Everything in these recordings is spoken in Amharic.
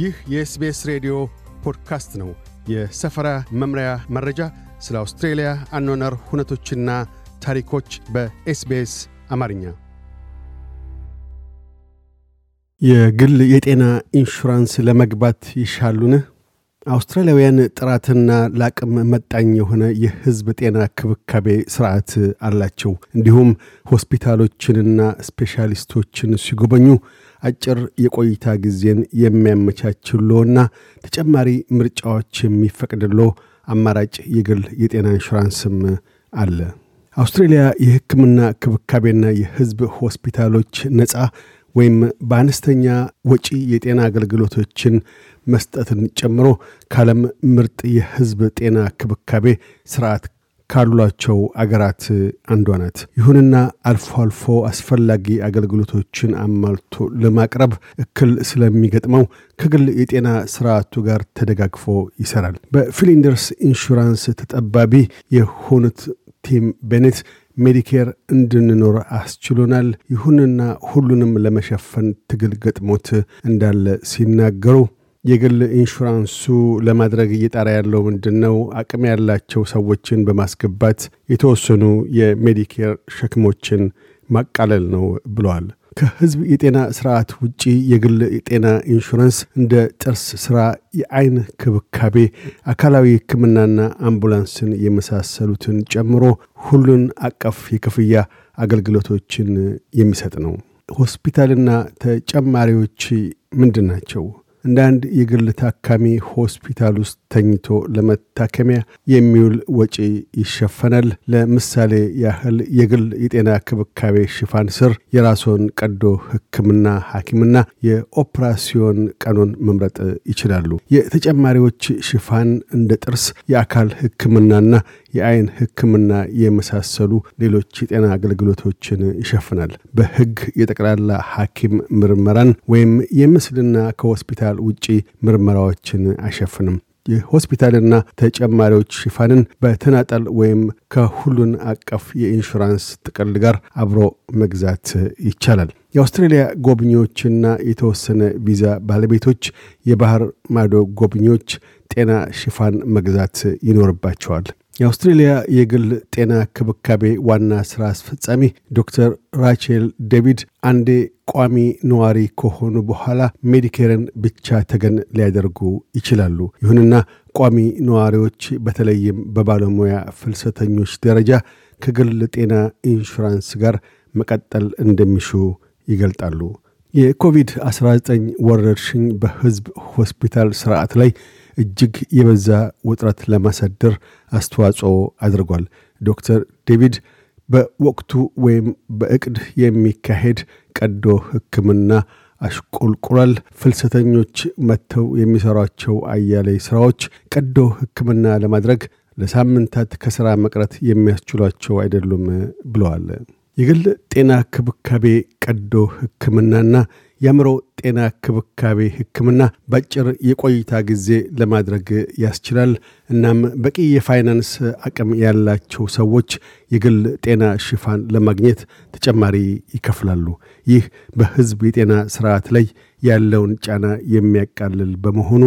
ይህ የኤስቤስ ሬዲዮ ፖድካስት ነው። የሰፈራ መምሪያ መረጃ፣ ስለ አውስትሬልያ አኗነር ሁነቶችና ታሪኮች በኤስቤስ አማርኛ። የግል የጤና ኢንሹራንስ ለመግባት ይሻሉን? አውስትራሊያውያን ጥራትና ለአቅም መጣኝ የሆነ የህዝብ ጤና ክብካቤ ስርዓት አላቸው። እንዲሁም ሆስፒታሎችንና ስፔሻሊስቶችን ሲጎበኙ አጭር የቆይታ ጊዜን የሚያመቻችሎና ተጨማሪ ምርጫዎች የሚፈቅድሎ አማራጭ የግል የጤና ኢንሹራንስም አለ። አውስትሬልያ የህክምና ክብካቤና የህዝብ ሆስፒታሎች ነፃ ወይም በአነስተኛ ወጪ የጤና አገልግሎቶችን መስጠትን ጨምሮ ከዓለም ምርጥ የህዝብ ጤና ክብካቤ ስርዓት ካሏቸው አገራት አንዷ ናት። ይሁንና አልፎ አልፎ አስፈላጊ አገልግሎቶችን አማልቶ ለማቅረብ እክል ስለሚገጥመው ከግል የጤና ስርዓቱ ጋር ተደጋግፎ ይሰራል። በፊሊንደርስ ኢንሹራንስ ተጠባቢ የሆኑት ቲም ቤኔት ሜዲኬር እንድንኖር አስችሎናል። ይሁንና ሁሉንም ለመሸፈን ትግል ገጥሞት እንዳለ ሲናገሩ የግል ኢንሹራንሱ ለማድረግ እየጣራ ያለው ምንድን ነው? አቅም ያላቸው ሰዎችን በማስገባት የተወሰኑ የሜዲኬር ሸክሞችን ማቃለል ነው ብለዋል። ከህዝብ የጤና ስርዓት ውጪ የግል የጤና ኢንሹራንስ እንደ ጥርስ ስራ፣ የአይን ክብካቤ፣ አካላዊ ህክምናና አምቡላንስን የመሳሰሉትን ጨምሮ ሁሉን አቀፍ የክፍያ አገልግሎቶችን የሚሰጥ ነው። ሆስፒታልና ተጨማሪዎች ምንድን ናቸው? እንደ አንድ የግል ታካሚ ሆስፒታል ውስጥ ተኝቶ ለመታከሚያ የሚውል ወጪ ይሸፈናል። ለምሳሌ ያህል የግል የጤና ክብካቤ ሽፋን ስር የራስዎን ቀዶ ሕክምና ሐኪምና የኦፕራሲዮን ቀኑን መምረጥ ይችላሉ። የተጨማሪዎች ሽፋን እንደ ጥርስ፣ የአካል ሕክምናና የአይን ህክምና የመሳሰሉ ሌሎች የጤና አገልግሎቶችን ይሸፍናል። በህግ የጠቅላላ ሐኪም ምርመራን ወይም የምስልና ከሆስፒታል ውጪ ምርመራዎችን አይሸፍንም። የሆስፒታልና ተጨማሪዎች ሽፋንን በተናጠል ወይም ከሁሉን አቀፍ የኢንሹራንስ ጥቅል ጋር አብሮ መግዛት ይቻላል። የአውስትሬልያ ጎብኚዎችና የተወሰነ ቪዛ ባለቤቶች የባህር ማዶ ጎብኚዎች ጤና ሽፋን መግዛት ይኖርባቸዋል። የአውስትሬልያ የግል ጤና ክብካቤ ዋና ሥራ አስፈጻሚ ዶክተር ራቸል ዴቪድ አንዴ ቋሚ ነዋሪ ከሆኑ በኋላ ሜዲኬርን ብቻ ተገን ሊያደርጉ ይችላሉ። ይሁንና ቋሚ ነዋሪዎች በተለይም በባለሙያ ፍልሰተኞች ደረጃ ከግል ጤና ኢንሹራንስ ጋር መቀጠል እንደሚሹ ይገልጣሉ። የኮቪድ-19 ወረርሽኝ በህዝብ ሆስፒታል ስርዓት ላይ እጅግ የበዛ ውጥረት ለማሳደር አስተዋጽኦ አድርጓል። ዶክተር ዴቪድ በወቅቱ ወይም በእቅድ የሚካሄድ ቀዶ ህክምና አሽቆልቁሏል። ፍልሰተኞች መጥተው የሚሠሯቸው አያሌ ሥራዎች ቀዶ ህክምና ለማድረግ ለሳምንታት ከሥራ መቅረት የሚያስችሏቸው አይደሉም ብለዋል። የግል ጤና ክብካቤ ቀዶ ሕክምናና የአእምሮ ጤና ክብካቤ ህክምና በአጭር የቆይታ ጊዜ ለማድረግ ያስችላል። እናም በቂ የፋይናንስ አቅም ያላቸው ሰዎች የግል ጤና ሽፋን ለማግኘት ተጨማሪ ይከፍላሉ። ይህ በህዝብ የጤና ስርዓት ላይ ያለውን ጫና የሚያቃልል በመሆኑ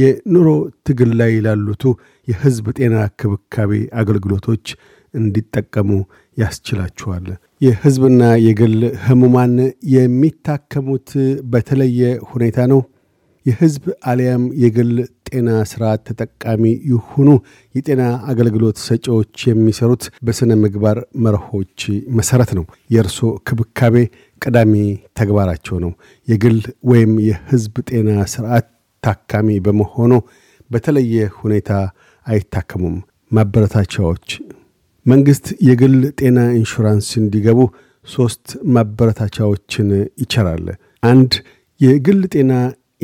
የኑሮ ትግል ላይ ላሉቱ የህዝብ ጤና ክብካቤ አገልግሎቶች እንዲጠቀሙ ያስችላችኋል። የህዝብና የግል ህሙማን የሚታከሙት በተለየ ሁኔታ ነው። የህዝብ አሊያም የግል ጤና ስርዓት ተጠቃሚ ይሁኑ። የጤና አገልግሎት ሰጪዎች የሚሰሩት በሥነ ምግባር መርሆች መሠረት ነው። የእርሶ ክብካቤ ቀዳሚ ተግባራቸው ነው። የግል ወይም የህዝብ ጤና ስርዓት ታካሚ በመሆኑ በተለየ ሁኔታ አይታከሙም። ማበረታቻዎች መንግስት የግል ጤና ኢንሹራንስ እንዲገቡ ሦስት ማበረታቻዎችን ይቸራል። አንድ የግል ጤና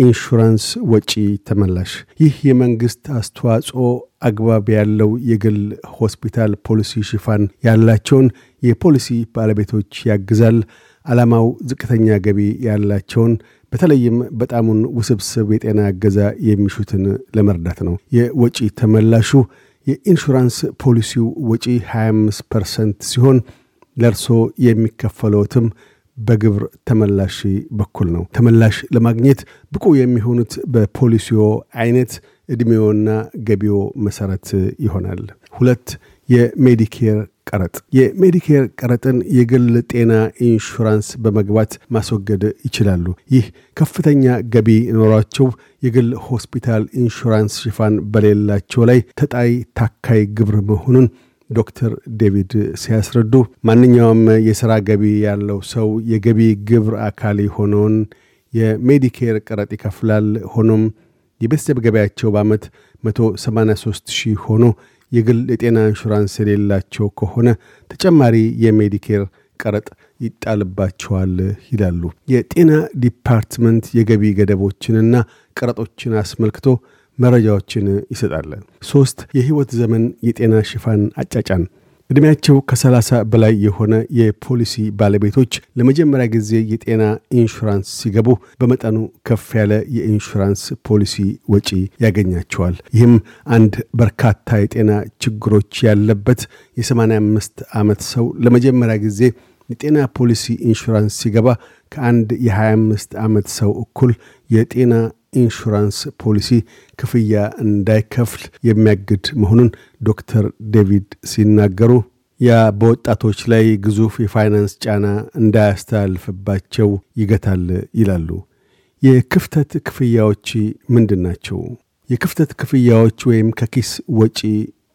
ኢንሹራንስ ወጪ ተመላሽ። ይህ የመንግሥት አስተዋጽኦ አግባብ ያለው የግል ሆስፒታል ፖሊሲ ሽፋን ያላቸውን የፖሊሲ ባለቤቶች ያግዛል። ዓላማው ዝቅተኛ ገቢ ያላቸውን በተለይም በጣሙን ውስብስብ የጤና እገዛ የሚሹትን ለመርዳት ነው። የወጪ ተመላሹ የኢንሹራንስ ፖሊሲው ወጪ 25 ፐርሰንት ሲሆን ለእርሶ የሚከፈለውትም በግብር ተመላሽ በኩል ነው። ተመላሽ ለማግኘት ብቁ የሚሆኑት በፖሊሲዮ አይነት ዕድሜዎና ገቢዎ መሠረት ይሆናል። ሁለት የሜዲኬር ቀረጥ የሜዲኬር ቀረጥን የግል ጤና ኢንሹራንስ በመግባት ማስወገድ ይችላሉ። ይህ ከፍተኛ ገቢ ኖሯቸው የግል ሆስፒታል ኢንሹራንስ ሽፋን በሌላቸው ላይ ተጣይ ታካይ ግብር መሆኑን ዶክተር ዴቪድ ሲያስረዱ ማንኛውም የሥራ ገቢ ያለው ሰው የገቢ ግብር አካል የሆነውን የሜዲኬር ቀረጥ ይከፍላል። ሆኖም የቤተሰብ ገቢያቸው በዓመት 183 ሺህ ሆኖ የግል የጤና ኢንሹራንስ የሌላቸው ከሆነ ተጨማሪ የሜዲኬር ቀረጥ ይጣልባቸዋል ይላሉ። የጤና ዲፓርትመንት የገቢ ገደቦችንና ቀረጦችን አስመልክቶ መረጃዎችን ይሰጣል። ሶስት የህይወት ዘመን የጤና ሽፋን አጫጫን ዕድሜያቸው ከሰላሳ በላይ የሆነ የፖሊሲ ባለቤቶች ለመጀመሪያ ጊዜ የጤና ኢንሹራንስ ሲገቡ በመጠኑ ከፍ ያለ የኢንሹራንስ ፖሊሲ ወጪ ያገኛቸዋል። ይህም አንድ በርካታ የጤና ችግሮች ያለበት የ85 ዓመት ሰው ለመጀመሪያ ጊዜ የጤና ፖሊሲ ኢንሹራንስ ሲገባ ከአንድ የ25 ዓመት ሰው እኩል የጤና ኢንሹራንስ ፖሊሲ ክፍያ እንዳይከፍል የሚያግድ መሆኑን ዶክተር ዴቪድ ሲናገሩ ያ በወጣቶች ላይ ግዙፍ የፋይናንስ ጫና እንዳያስተላልፍባቸው ይገታል ይላሉ። የክፍተት ክፍያዎች ምንድን ናቸው? የክፍተት ክፍያዎች ወይም ከኪስ ወጪ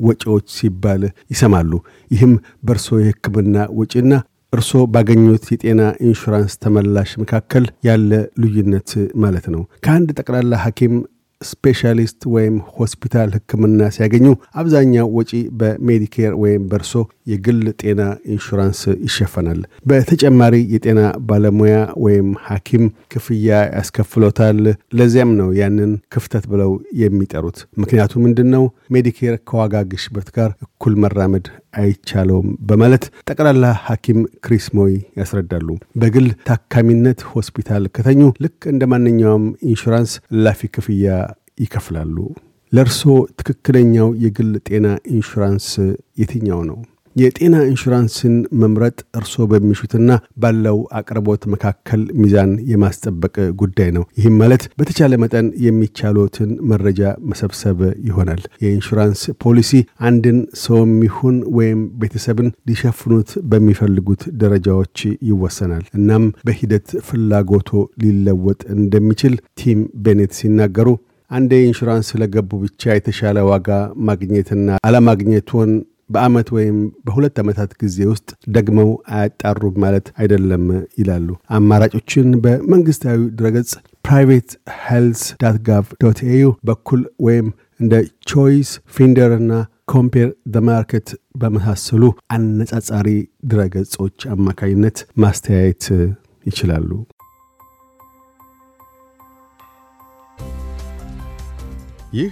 ወጪዎች ሲባል ይሰማሉ። ይህም በርሶ የህክምና ወጪና እርስዎ ባገኙት የጤና ኢንሹራንስ ተመላሽ መካከል ያለ ልዩነት ማለት ነው። ከአንድ ጠቅላላ ሐኪም ስፔሻሊስት ወይም ሆስፒታል ሕክምና ሲያገኙ አብዛኛው ወጪ በሜዲኬር ወይም በርሶ የግል ጤና ኢንሹራንስ ይሸፈናል። በተጨማሪ የጤና ባለሙያ ወይም ሐኪም ክፍያ ያስከፍሎታል። ለዚያም ነው ያንን ክፍተት ብለው የሚጠሩት። ምክንያቱ ምንድን ነው? ሜዲኬር ከዋጋ ግሽበት ጋር እኩል መራመድ አይቻለውም በማለት ጠቅላላ ሐኪም ክሪስ ሞይ ያስረዳሉ። በግል ታካሚነት ሆስፒታል ከተኙ ልክ እንደ ማንኛውም ኢንሹራንስ ላፊ ክፍያ ይከፍላሉ። ለእርስዎ ትክክለኛው የግል ጤና ኢንሹራንስ የትኛው ነው? የጤና ኢንሹራንስን መምረጥ እርስዎ በሚሹትና ባለው አቅርቦት መካከል ሚዛን የማስጠበቅ ጉዳይ ነው። ይህም ማለት በተቻለ መጠን የሚቻሉትን መረጃ መሰብሰብ ይሆናል። የኢንሹራንስ ፖሊሲ አንድን ሰውም ይሁን ወይም ቤተሰብን ሊሸፍኑት በሚፈልጉት ደረጃዎች ይወሰናል። እናም በሂደት ፍላጎቶ ሊለወጥ እንደሚችል ቲም ቤኔት ሲናገሩ አንድ ኢንሹራንስ ለገቡ ብቻ የተሻለ ዋጋ ማግኘትና አለማግኘቱን በአመት ወይም በሁለት ዓመታት ጊዜ ውስጥ ደግመው አያጣሩም ማለት አይደለም ይላሉ። አማራጮችን በመንግስታዊ ድረገጽ ፕራይቬት ሄልስ ዳት ጋቭ ዶት ኤዩ በኩል ወይም እንደ ቾይስ ፊንደርና ኮምፔር ደ ማርኬት በመሳሰሉ አነጻጻሪ ድረገጾች አማካኝነት ማስተያየት ይችላሉ። ይህ